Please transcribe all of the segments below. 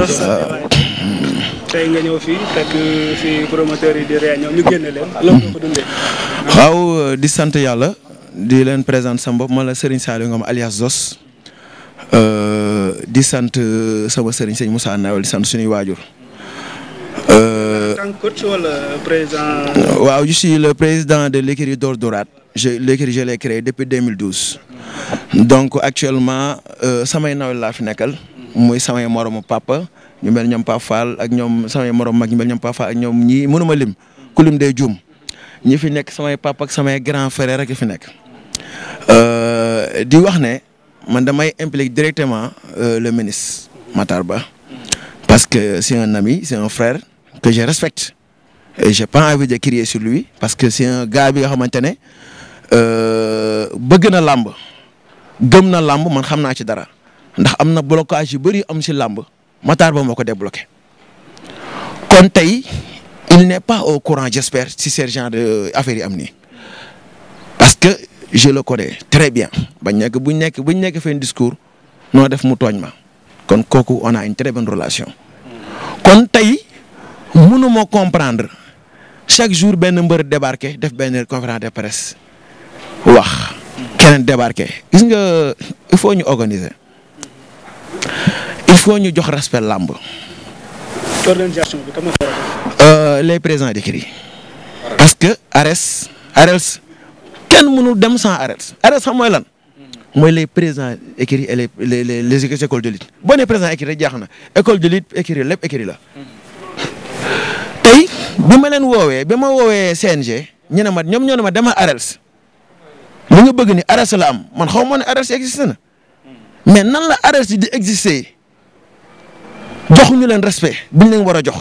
Euh, tey nga ñëw fii fekk fi promoteur yi di réunion ñu génne leen. loolu nga dundee. waaw euh, di sant yàlla di leen présenter sama bopp man la Serigne Saliou Ngom alias Zos. Euh, di sant sama Serigne sëñ Moussa Nawel di sant suñuy waajur. en coach wala président. waaw je suis le président de l'écurie Dóor Dóoraat je l'écurie je l'ai créé depuis donc actuellement samay nawel laa fi nekkal. muy samay morom papa ñu mel ñoom Pape Fall ak ñoom samay morom mag ñu mel ñoom papa Fall ak ñoom ñii mënuma lim ku lim day juum ñi fi nekk samay papa ak samay grand frère rek fi nekk euh, di wax ne man damay impliquer directement euh, le ministre Matar Ba parce que c'est un ami c'est un frère que je respecte et j'ai pas envie de crier sur lui parce que c'est un gars bi nga xamante ne euh, bëgg na làmb gëm na làmb man xam naa ci dara. ndax am na blocage yu bëri am si làmb Matar Ba moo ko débloqué kon tey il n'est pas au courant j'espère si ce de affaire yi am nii parce que je le connais très bien bañ nekk buñ nekk buñ nekk feen discours noo def mu tooñ ma kon kooku on a une très bonne relation kon tey mënuma comprendre chaque jour benn mbër débarqué def benn conférence de presse wax keneen débarqué nga il faut ñu organiser il faut ñu jox respect lamb organisation bi kan euh, les présidents d'écurie parce que Ares Ares kenn mënul dem sans Ares Ares xam mooy lan. mooy les président écurie et les les les les écoles de lutte boo nee président écurie rek jaax na école de lutte écurie lépp écurie la. tey bi ma leen woowee bi ma woowee CNG ñu ne ma ñoom ñoo ne Ares li nga bëgg ni Ares la am man xaw ma Ares existe mais nan la arrêté di exister joxuñu leen respect bu ñu leen war a jox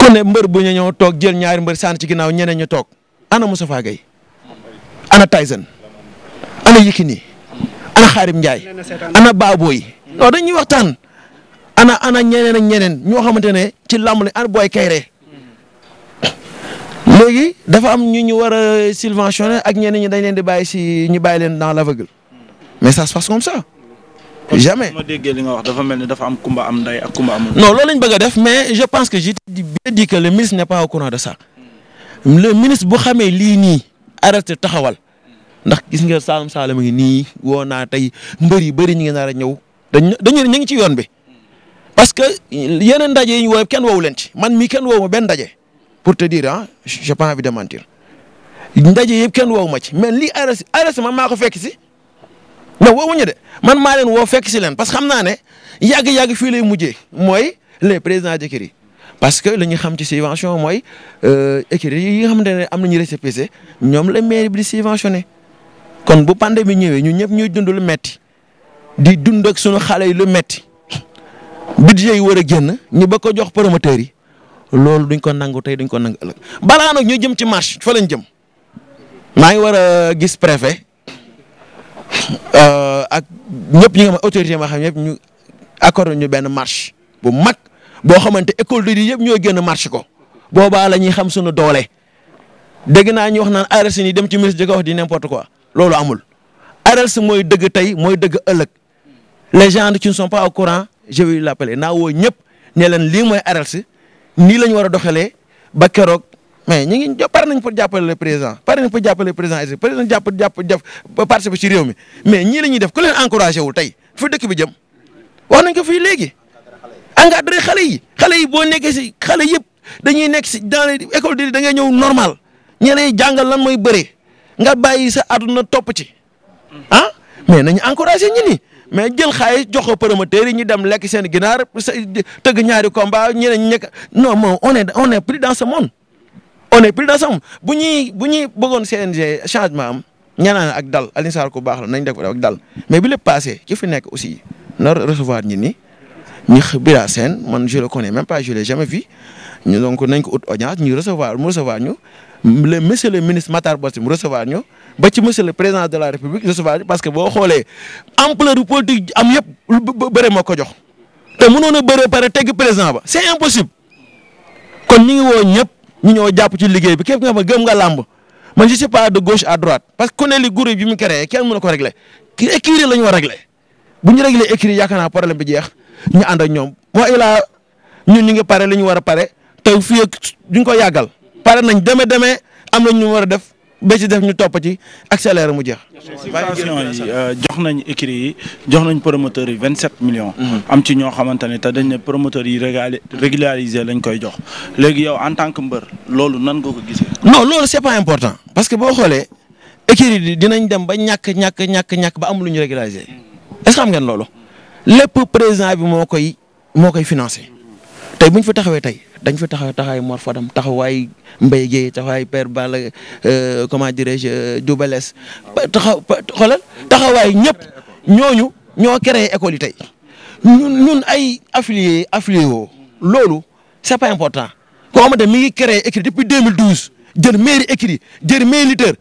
ku ne mbër bu ñu ñëw toog jël ñaari mbër sànni ci ginnaaw ñeneen ñu toog ana Moustapha Gueye ana Tyson ana Yékini ana Xaarim Ndiaye ana Baboy non dañuy waxtaan ana ana ñeneen ñeneen ñoo xamante ne ci làmb la ana Boy Kayre léegi dafa am ñu ñu war a subventionné ak ñeneen ñi dañ leen di bàyyi si ñu bàyyi leen la l'aveugle mais ça se passe comme ça. jamais ma déggee li nga wax dafa mel ni dafa am kumba am nday ak kumba amul. non loolu lañ bëgg a def mais je pense que j'ai dit que le ministre n'est pas au courant de ça. le ministre bu xamee lii nii arrêté taxawal ndax gis nga Saalum Saalum ngi nii woo naa tey mbër yi bëri ñu ngi nar a ñëw dañ dañu ñu ngi ci yoon bi parce que yeneen ndaje yi ñu woo kenn woowu leen ci man mii kenn woowu ma benn ndaje pour te dire ah j'ai pas envie de mentir ndaje yëpp kenn woowu ma ci mais lii arrêté arrêté ma maa ko fekk si. non woowuñu de man maa leen woo fekk si leen parce que xam naa ne yàgg-yàgg fii lay mujjee mooy les président d'écurie parce que li ñu xam ci subvention mooy euh, écurie yi nga xamante ne am nañu récépissé ñoom la mairie bi di subventionné kon bu pandémie ñëwee ñun ñëpp ñuy dund lu metti di dund ak sunu xale yi lu metti budget yi war a génn ñu ba ko jox promoteurs yi loolu duñ ko nangu tey duñ ko nangu ëllëg balaa nag ñu jëm ci marche fa lañ jëm maa ngi war a gis préfet Euh, ak ñëpp ñu nga xam autorité ma xam ñu accordé ñu benn marche bu mag boo xamante école de yëpp ñoo génn marche ko boobaa la ñuy xam suñu doole dégg naa ñu wax naan ARS yi dem ci ministre di wax di n'importe quoi loolu amul ARS mooy dëgg tey mooy dëgg ëllëg les gens qui ne sont pas au courant je vais naa woo ñëpp ne leen lii mooy ARS nii la ñu war a doxalee ba keroog mais ñu ngi pare nañ pour jàppale le président pare nañ pour jàppale président est président jàpp jàpp jàpp participer ci réew mi mais ñii la ñuy def ku leen encouragé wul tey fu dëkk bi jëm wax nañ ko fii léegi encadré xale yi xale yi boo nekkee si xale yëpp dañuy nekk si dans les école de da ngay ñëw normal ñi yi jàngal lan mooy bëre nga bàyyi sa àdduna topp ci ah mais nañu encouragé ñi ni mais jël xaalis jox ko promoteurs yi ñu dem lekk seen ginaar tëgg ñaari combat ñeneen ñi nekk non moom on est on est plus dans ce monde on est plus dans ça bu ñuy bu ñuy bëggoon changement am ñaanaan ak dal Alioune Sarr ku baax la nañ def ak dal mais bi lépp passé ci fi nekk aussi na recevoir nit ñi ñu Bira Sène man je le connais même pas je l'ai jamais vu ñu ko ut audience ñu recevoir mu recevoir ñu le monsieur le ministre Matar Bossi mu recevoir ñu ba ci monsieur le président de la république recevoir parce que boo xoolee ampleur du am yëpp lu bëre moo ko jox te mënoon a bëre pare tegg président ba c'est impossible ñu ñëw jàpp ci liggéey bi képp nga xam ne gëm nga làmb man je suis pas de gauche à parce que ku ne li groupe bi mu créé kenn mënu ko régler kii écurie la ñu bu ñu régler écurie yaakaar naa problème bi jeex ñu ànd ñoom wa ilaa ñun ñu ngi pare li ñu war a pare te fii ak ko yàggal pare nañ demee demee am na ñu a def ba ci def ñu topp ci mu jeex. Euh, jox nañ écrit yi jox nañ promoteurs yi vingt sept millions. Mhm. am ci ñoo xamante ne te dañ ne promoteurs yi régularisé lañ koy jox léegi yow en tant que mbër loolu nan nga ko gisee. non loolu c'est pas important parce que boo xoolee écrit yi dinañ dem ba ñàkk ñàkk ñàkk ñàkk ba amulu ñu régularisé est-ce que xam ngeen loolu lépp président bi moo koy moo koy financé. tey bu ñu fi taxawee tey dañ fi taxaw taxawaay Mor Fadam taxawaay Mbaye Guèye taxawaay Père Balla euh, comment dirais-je euh, Doubales taxaw xoolal taxawaay ñëpp ñooñu ñoo créé école yi tey ñun ñun ay affilié affilié woo loolu c'est pas important koo xamante mi ngi créé écrit depuis 2012 jël mairie écrit jël mairie lutteur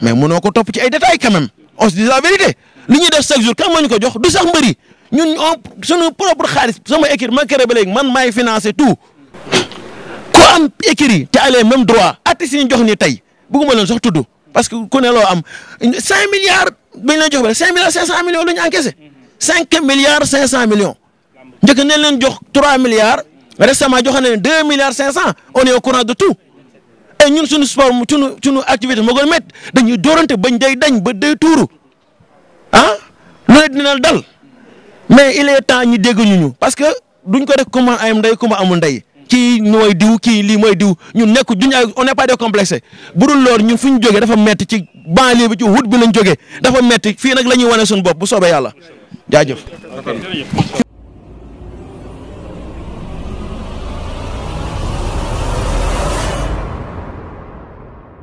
mais mënoo ko topp ci ay détails quand même on la vérité li ñuy def chaque jour kan moo ñu jox du sax mbëri ñun on suñu propre xaalis sama équipe ma créé ba léegi man maay financé tu ko am écrit te alee même droit artistes yi ñu jox ni tey bëgguma leen sax tudd parce que ku ne loo am cinq milliards bañ leen jox ba cinq milliards cinq cent millions la ñu encaissé cinq milliards cinq cent millions njëkk nañ leen jox trois milliards récemment joxe nañ deux milliards cinq cent on est au courant de tout ñun suñu sport suñu suñu activité moo gën a métti dañuy doorante bañ day dañ ba day tuuru peut-être dina dal mais il est temps ñu dégg ñu ñu parce que duñ ko rek kuma am ndey kuma amul ndey kii mooy diw kii lii mooy diw ñun nekk duñ ay on n'est pas complexe bu dul loolu ñun fu ñu jógee dafa metti ci banlieue bi ci wut bi lañ jógee dafa metti fii nag la ñuy wane suñu bopp bu soobee yàlla jaajëf.